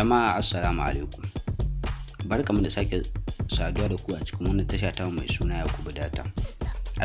jama'a assalamu alaikum barkamu da sake saduwa da ku a cikin wannan tasha ta mai suna yakubu data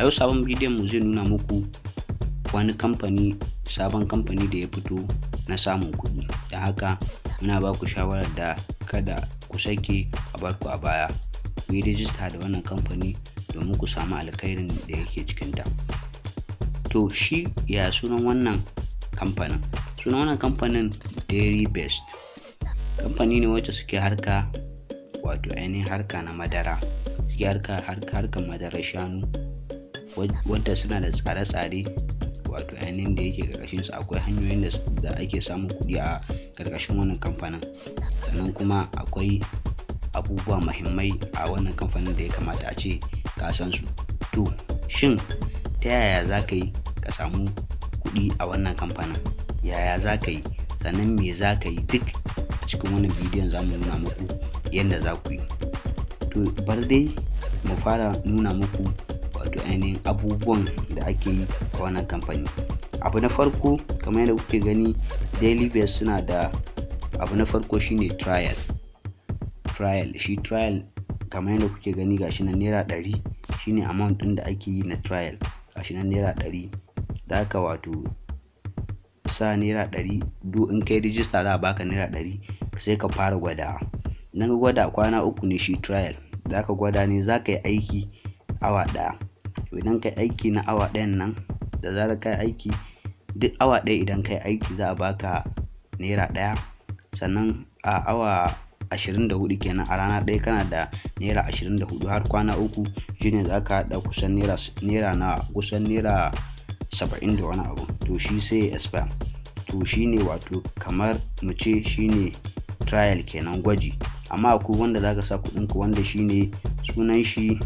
a yau sabon bidiyon mu zai nuna muku wani kamfani sabon kamfani da ya fito na samun kuɗi da haka muna ba ku shawarar da kada ku sake a barku a baya ku yi rijista da wannan kamfani domin ku samu alkhairin da yake cikinta to shi ya sunan wannan kamfanin sunan wannan kamfanin dairy best kamfani ne wacce suke harka wato ainihin harka na madara suke harka harkar madarar shanu wadda suna da tsare-tsare wato ainihin da yake karkashin su akwai hanyoyin da ake samun kuɗi a karkashin wannan kamfanin sannan kuma akwai abubuwa mahimmai a wannan kamfanin da ya kamata a ce ka san su to shin ta yaya za ka yi ka samu kuɗi a wannan kamfanin yaya za ka yi sannan me za ka yi duk cikin wannan bidiyon za mu nuna muku yadda za ku yi to bar dai mu fara nuna muku wato ainihin abubuwan da ake yi a wannan kamfani abu na farko kamar yadda kuke gani daily base suna da abu na farko shine trial trial shi trial kamar yadda kuke gani gashi na naira ɗari shine amount ɗin da ake yi na trial gashi na naira ɗari za ka wato sa naira ɗari do in kai rijista za a baka naira ɗari sai ka fara gwada idan ka gwada kwana uku ne shi trial za ka gwada ne za ka yi aiki awa ɗaya idan ka yi aiki na awa ɗayan nan da zarar ka yi aiki duk awa ɗaya idan ka yi aiki za a baka naira ɗaya sannan a awa 24 kenan a rana ɗaya kana da naira 24 har kwana uku shine za ka haɗa kusan naira na kusan naira 70 da wani abu to shi sai ya expire to ne wato kamar mu ce ne. trial kenan gwaji amma akwai wanda zaka sa kuɗin ku wanda shine sunan shi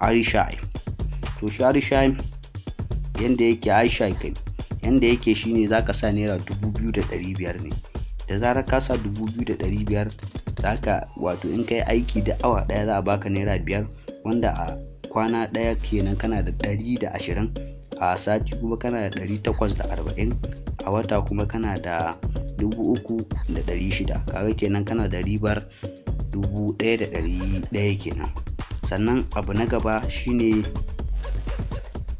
arishai to shi arishai yanda yake aisha kai yanda yake shine zaka sa naira dubu da biyar ne da zarar ka sa dubu biyu da wato in kai aiki da awa daya za a baka naira biyar wanda a kwana daya kenan kana da ɗari da ashirin a sati kuma kana da 840 takwas da arba'in a wata kuma kana da dubu uku da shida kaga kenan kana da ribar 1,100 da kenan sannan abu na gaba shine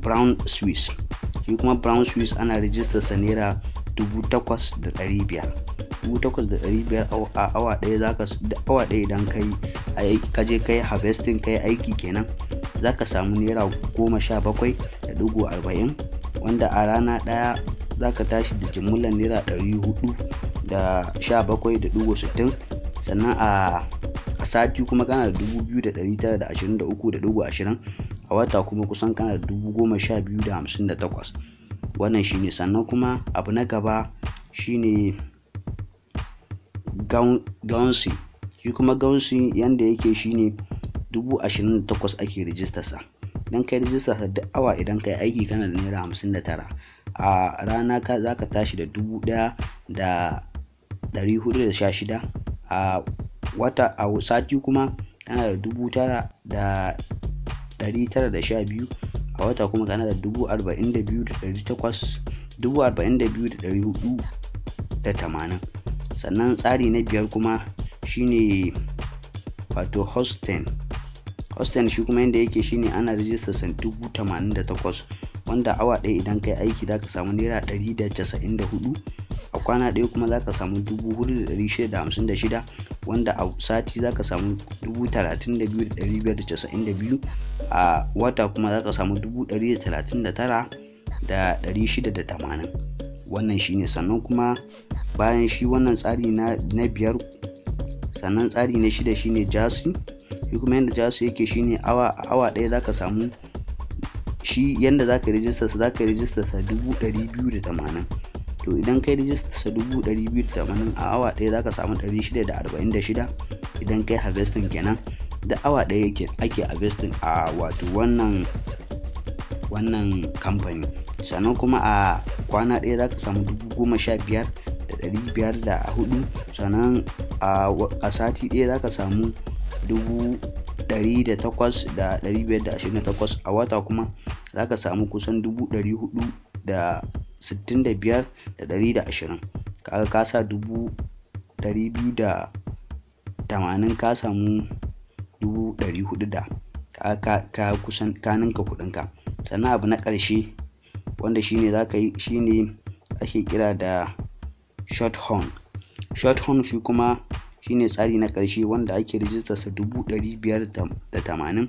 brown swiss shi kuma brown swiss ana rijistar sa naira dubu takwas da a awa daya zaka awa idan kai kaje kai harvesting kai aiki kenan zaka samu naira goma sha bakwai da arba'in wanda a rana daya. za ka tashi da jimillar naira ɗari da sha bakwai da sittin sannan a a sati kuma kana da dubu biyu da ɗari tara da ashirin da uku da ashirin a wata kuma kusan kana da dubu goma sha biyu da hamsin da takwas wannan shine sannan kuma abu na gaba shine gaunsi shi kuma gaunsi yanda yake shine dubu ashirin da takwas ake rijistarsa idan kai rijistarsa duk awa idan kai aiki kana da naira hamsin da tara a rana ka za ka tashi da dubu ɗaya da ɗari hudu da sha shida a wata a sati kuma kana da dubu tara da ɗari tara da sha biyu a wata kuma kana da dubu arba'in da biyu da ɗari takwas dubu arba'in da biyu da ɗari hudu da tamanin sannan tsari na biyar kuma shine wato hosting hosting shi kuma yadda yake shine ana rijista san dubu tamanin da takwas wanda awa ɗaya idan kai aiki za ka samu naira 194 a kwana ɗaya kuma za ka samu 4,656 wanda a sati za ka samu 32,592 a wata kuma za ka samu tamanin wannan shine sannan kuma bayan shi wannan tsari na biyar sannan tsari na shida shine jasi shi kuma yadda jasi yake shine awa awa ɗaya zaka samu shi yadda za ka rijista su za ka rijista sa dubu ɗari biyu da tamanin to idan kai rijista sa dubu ɗari biyu da tamanin a awa ɗaya za ka samu ɗari shida da arba'in da shida idan kai harvesting kenan da awa ɗaya ake harvesting a wato wannan wannan kamfani sannan kuma a kwana ɗaya za ka samu dubu goma sha biyar da ɗari biyar da hudu sannan a sati ɗaya za ka samu dubu ɗari da takwas da ɗari biyar da ashirin da takwas a wata kuma za ka samu kusan dubu hudu da sittin da biyar da da ashirin kaga ka sa dubu biyu da tamanin ka samu dubu kaga hudu da ka kusan ka kudinka. sannan abu na ƙarshe wanda shine za ka yi shine ake kira da short horn short horn shi kuma shine tsari na ƙarshe wanda ake rijistarsa dubu biyar da tamanin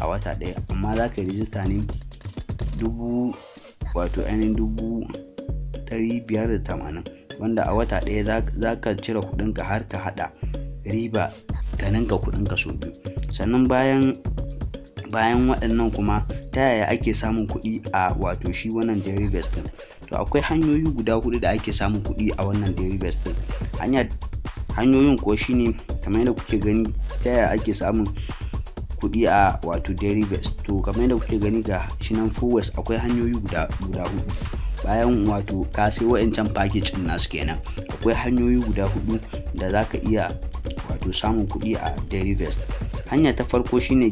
a wata daya amma za ka yi rijista ne dubu wato ainihin dubu tari biyar da tamanin wanda a wata ɗaya za ka cire kuɗinka har ta haɗa riba ta ninka kuɗinka sau biyu sannan bayan bayan waɗannan kuma ta yaya ake samun kuɗi a wato shi wannan vest ɗin to akwai hanyoyi guda hudu da ake samun kuɗi a wannan derivest ɗin hanya hanyoyin ko shine kamar yadda kuke gani ta yaya ake samun kuɗi a wato derivatives to kamar yadda kuke gani ga shi nan forwards akwai hanyoyi guda hudu bayan wato ka sai wa'ancan package na nasu kenan akwai hanyoyi guda hudu da za ka iya wato samun kuɗi a derivatives hanya ta farko shine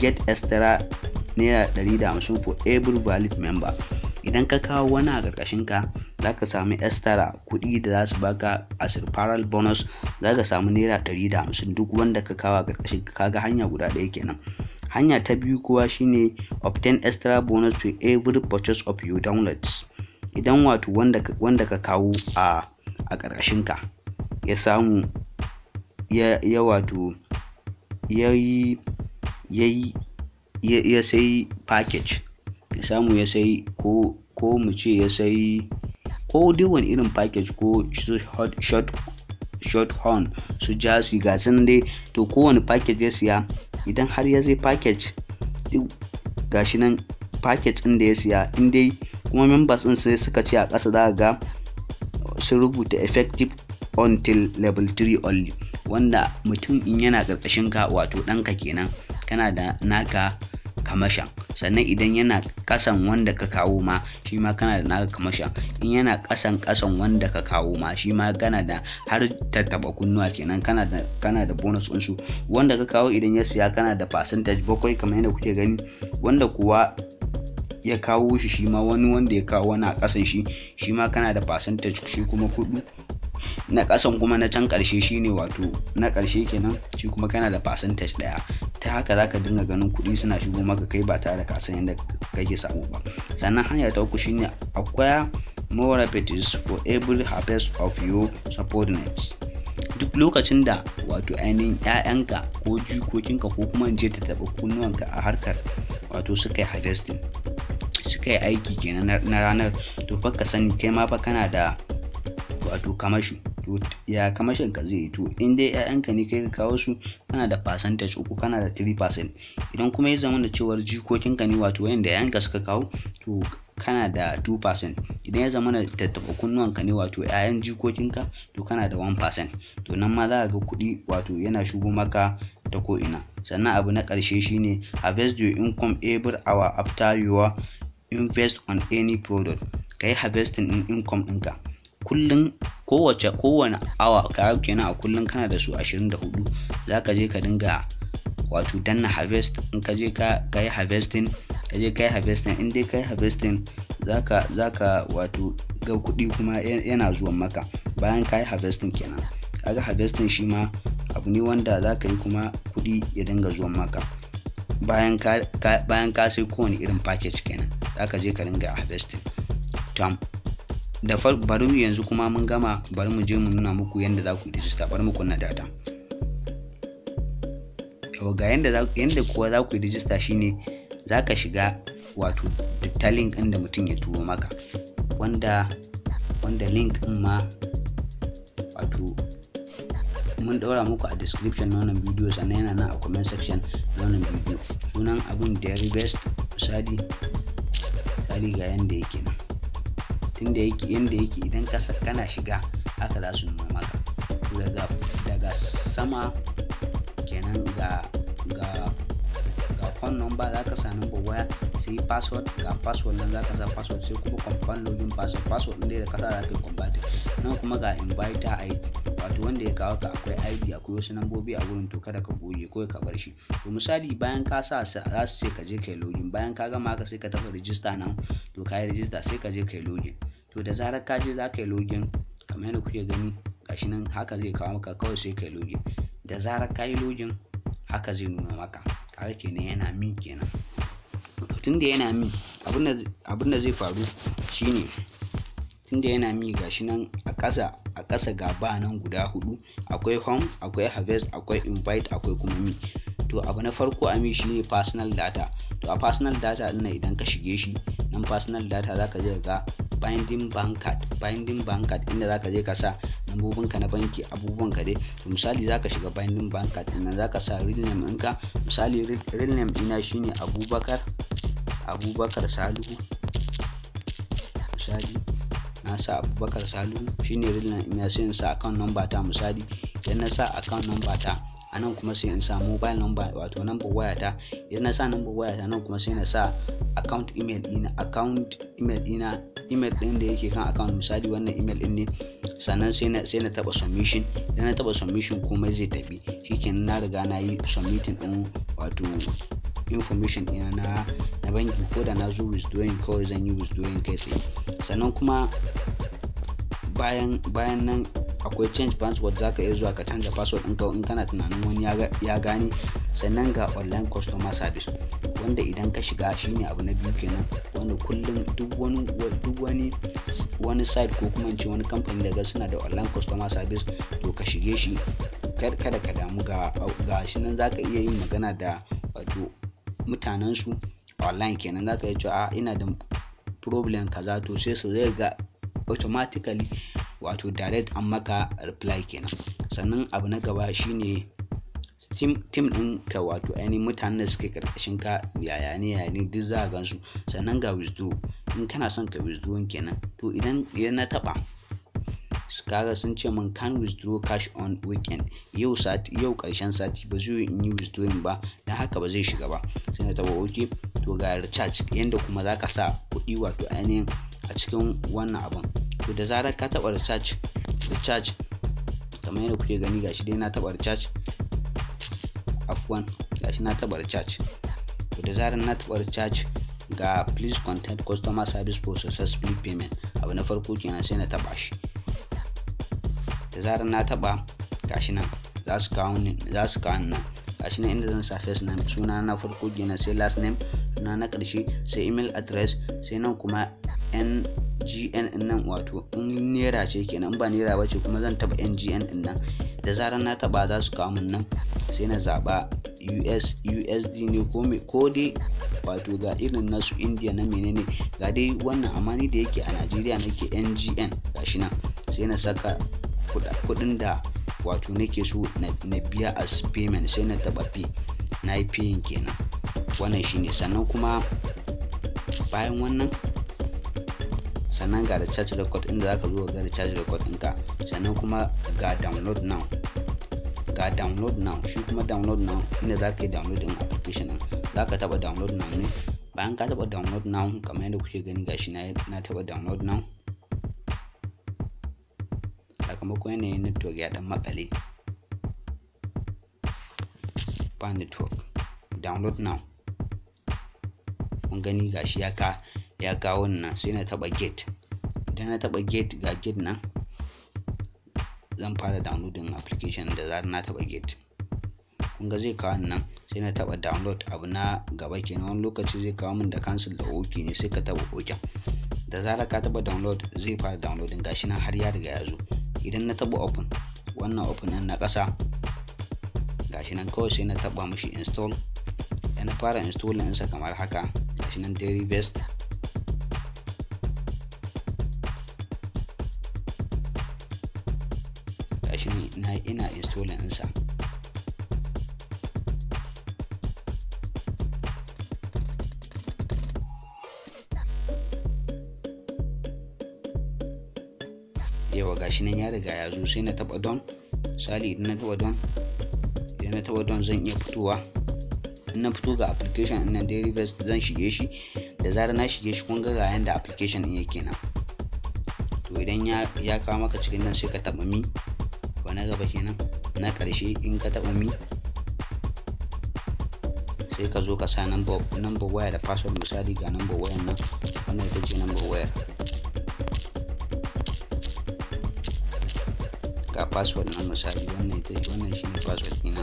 get extra naira 150 for every valid member idan ka kawo wani a ƙarƙashin ka za ka sami estara kuɗi da za su baka a referral bonus za ka sami naira ɗari da hamsin duk wanda ka kawa ƙarƙashin ga hanya guda ɗaya kenan hanya ta biyu kuwa shine obtain extra bonus to every purchase of your downloads idan wato wanda ka kawo a a ƙarƙashin ka ya samu ya ya wato ya yi ya yi ya sai package ya samu ya sai ko ko mu ce ya sai ko dai wani irin package ko short short horn su su ga sun dai to kowane package ya siya idan har ya zai package gashi nan package ɗin da ya siya in dai kuma members ɗin sai suka ce a ƙasa za ga sun rubuta effective until level 3 only wanda mutum in yana ƙarƙashin ka wato ɗanka kenan kana da naka kamasha sannan idan yana kasan wanda ka kawo ma shi ma kana da naka kamasha in yana kasan kasan wanda ka kawo ma shi ma kana da har tattaba kunnuwa kenan kana da kana bonus din su wanda ka kawo idan ya siya kana da percentage bakwai kamar yadda kuke gani wanda kuwa ya kawo shi shi ma wani wanda ya kawo wani kasan shi shi ma kana da percentage shi kuma kudu na ƙasan kuma na can ƙarshe shine wato na ƙarshe kenan shi kuma kana da percentage ɗaya ta haka zaka dinga ganin kuɗi suna shigo maka kai ba tare da ka san yadda kake samu ba sannan hanya ta uku shine acquire more repetitions for every harvest of your subordinates duk lokacin da wato ainihin 'ya'yanka ko jikokinka ko kuma in je ta taɓa kunnuwanka a harkar wato suka yi harvesting suka yi aiki kenan na ranar to fa ka sani kai ma fa kana da wato kamashi to ya kamashin ka zai to in dai ƴaƴanka ne kai ka kawo su kana da percentage uku kana da 3% idan kuma ya zama da cewar jikokinka ne wato wayanda ƴaƴanka suka kawo to kana da 2% idan ya zama da tattaɓa kunnuwanka ne wato 'ya'yan jikokinka to kana da 1% to nan ma za ka ga kuɗi wato yana shigo maka ta ina sannan abu na ƙarshe shine harvest your income every hour after your invest on any product ka yi harvesting in income ɗinka kullum kowace kowane awa ka kenan a kullum kana da su 24 za ka je ka dinga wato danna harvest in ka je ka yi harvesting ka je ka yi harvesting in dai ka yi harvesting za ka wato ga kuɗi kuma yana zuwan maka bayan ka yi harvesting kenan kaga harvesting shi ma abu ne wanda za ka yi kuma kuɗi ya dinga zuwan maka bayan ka sai kowane irin package kenan za ka je ka dinga harvesting tam da bari yanzu kuma mun gama bari mu je mu nuna muku yadda za ku yi rijista bari mu kunna data yau ga yadda kuwa za ku yi rijista shine za ka shiga wato ta link ɗin da mutum ya turo maka wanda wanda link ɗin ma wato mun ɗaura muku a description na wannan bidiyo sannan yana nan a comment section na wannan bidiyo sunan abun da ya best sadi ga yadda yake nan tunda yake inda yake idan kasa kana shiga haka za su nuna maka daga daga sama kenan ga ga ga phone number za ka sa number waya sai password ga password nan za ka sa password sai kuma confirm login password password ɗin da ka sa za ka yi nan kuma ga inviter id wato wanda ya kawo ka akwai id akwai wasu nambobi a wurin to kada ka goge ko ka bar shi to misali bayan ka sa za su ce ka je kai login bayan ka gama ka sai ka tafi register nan to ka yi register sai ka je kai login to da zarar ka je za ka yi login kamar yadda kuke gani gashi nan haka zai kawo maka kawai sai ka yi login da zarar ka yi login haka zai nuna maka kaga kenan yana mi kenan tun da yana mi abin da zai faru shine tunda yana mi gashi nan a ƙasa a ƙasa ga ba nan guda hudu akwai home akwai harvest akwai invite akwai kuma mi to abu na farko a mi shine personal data to a personal data ɗin idan ka shige shi nan personal data zaka je ga binding bank card binding bank card inda zaka je ka sa lambobin ka na banki abubuwan ka dai misali zaka shiga binding bank card inda zaka sa real name ɗinka misali real name ɗina shine Abubakar Abubakar Salihu misali na sa Abubakar Salihu shine real name ɗina sai in sa account number ta misali idan na sa account number ta a nan kuma sai in sa mobile number wato number waya ta idan na sa number waya ta nan kuma sai na sa account email ina account email ina. email ɗin da yake kan account misali wannan email din ne sannan sai na sai na taba submission idan na taba submission komai zai tafi shikenan na riga na yi submitting din wato information ina na na banki ko da na zo withdrawing kawai zan yi withdrawing kai tsaye sannan kuma bayan bayan nan akwai change password za ka iya zuwa ka canza password ɗinka in kana tunanin wani ya gane sannan ga online customer service wanda idan ka shiga shi ne abu na biyu kenan wanda kullum duk wani wani ko kuma ce wani kamfani daga suna da online customer service to ka shige shi kada ka damu ga shi nan za ka iya yin magana da wato mutanen su online kenan zaka yi cewa ah, ina da problem kaza to sai su zai ga automatically wato direct an maka reply kenan sannan abu na gaba shine tim din ka wato ainihin mutanen da suke karkashin ka yaya ne yaya ne duk za a gansu sannan ga withdraw in kana son ka withdraw kenan to idan idan na taba kaga sun ce man kan withdraw cash on weekend yau sati yau karshen sati ba zai in yi withdrawing ba dan haka ba zai shiga ba sai na taba okay to ga recharge yanda kuma zaka sa kuɗi wato ainihin a cikin wannan abin to da zarar ka taba recharge recharge kamar yadda kuke gani gashi dai na taba recharge afwan gashi na tabar charge to da zarar na tabar charge ga please contact customer service for successful payment abu na farko kenan sai na taba shi da zarar na taɓa gashi nan za su kawo ni za su kawo nan gashi nan inda zan sa face name suna na farko kenan sai last name suna na ƙarshe sai email address sai nan kuma ngn nan wato in naira ce kenan ba nera ba ce kuma zan taba ngn din nan da zarar na taba za su kawo nan sai na zaba us usd ne ko dai wato ga irin nasu india na menene ga dai wannan amani da yake a najeriya nake ngn gashi nan sai na saka kudin da wato nake so na biya as payment sai na taba pay na yi kenan wannan shine sannan kuma bayan wannan sannan ga charge record inda zaka zo ga charge record ɗinka sannan kuma ga download now ga download now shi kuma download now inda za ka yi download ɗin application ɗin za ka taɓa download now ne bayan ka taɓa download now kamar yadda kuke gani gashi na taɓa download now sakamakon yanayin network ya ɗan makale ba network download now mun gani gashi ya ka ya kawo nan sai na taɓa gate idan na taɓa gate ga gate nan zan fara downloading application da zarar na taɓa gate kun ga zai kawo nan sai na taba download abu na gaba kenan wani lokaci zai kawo min da cancel da ok ne sai ka taɓa ok da zarar ka taba download zai fara downloading gashi nan har ya riga ya zo idan na taɓa open wannan open na ƙasa gashi nan kawai sai na taba mashi install da na fara install ɗinsa kamar haka gashi nan dairy best na ina installing ɗinsa yawa gashi nan ya riga ya zo sai na taba don sali idan na taba don idan na taba don zan iya fitowa in na fito ga application ɗin nan derivatives zan shige shi da zarar na shige shi kun ga ga yanda application din yake nan to idan ya kawo maka cikin nan sai ka taba mi abu na gaba kenan na karshe in ka taɓa mi sai ka zo ka sa number waya da password misali ga number waya nan wannan ita ce number waya ga password nan misali wannan ita ce wannan shi ne password ɗina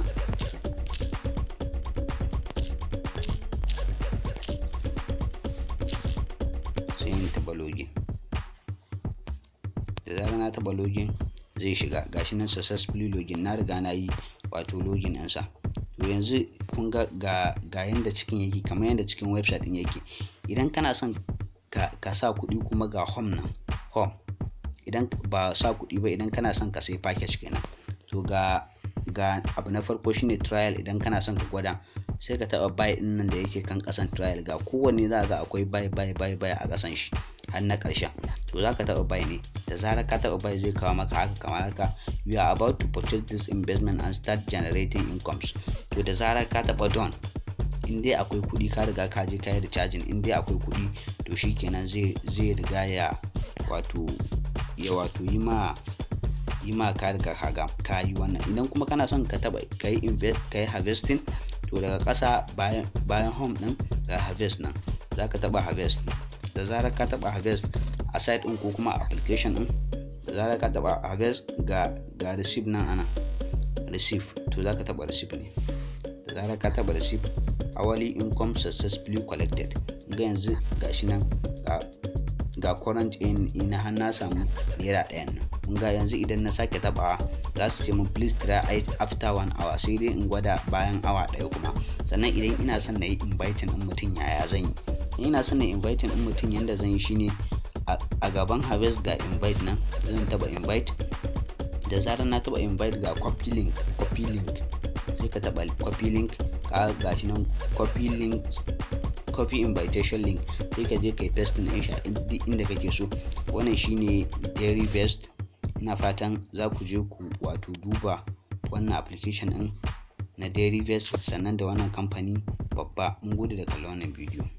sai yin taɓa login da zarar na taɓa login zai shiga gashi nan successfully login na riga na yi wato login ɗinsa to yanzu kun ga ga yanda cikin yake kamar yanda cikin website ɗin yake idan kana son ka sa kuɗi kuma ga home nan home idan ba sa kuɗi ba idan kana son ka sai package kenan to ga ga abu na farko shine trial idan kana son ka gwada sai ka taɓa buy ɗin nan da yake kan kasan trial ga kowanne za ga akwai buy buy buy buy a kasan shi har na ƙarshen to za ka taɓa bai ne da zarar ka taɓa bai zai kawo maka haka kamar haka you are about to purchase this investment and start generating incomes to da zarar ka taɓa don in dai akwai kuɗi ka riga ka je ka yi recharging in dai akwai kuɗi to shikenan zai zai riga ya wato ya wato yi ma yi ma ka riga ka yi wannan idan kuma kana son ka taɓa ka yi invest ka yi harvesting to daga ƙasa bayan bayan home ɗin ga harvest nan za ka taɓa harvest da zarar ka taba harvest a site din ko kuma application din da zarar ka taba harvest ga ga receive nan ana receive to zaka taba receive ne da zarar ka taba receive hourly income successfully collected ga yanzu shi nan ga current in ina har na samu naira ɗayan nan kun ga yanzu idan na sake tabawa za su ce min please try it after one hour sai dai in gwada bayan awa daya kuma sannan idan ina son na yi inviting in mutum yaya zan yi ina son na inviting din mutum yadda zan yi shine a gaban harvest ga invite nan zan taba invite da zarar na taba invite ga copy link copy link sai ka taba copy link ka gashi nan copy link copy invitation link sai ka je kai paste na shi inda kake so wannan shine dairy best ina fatan za ku je ku wato duba wannan application din na dairy best sannan da wannan kamfani babba mun gode da kallon wannan bidiyo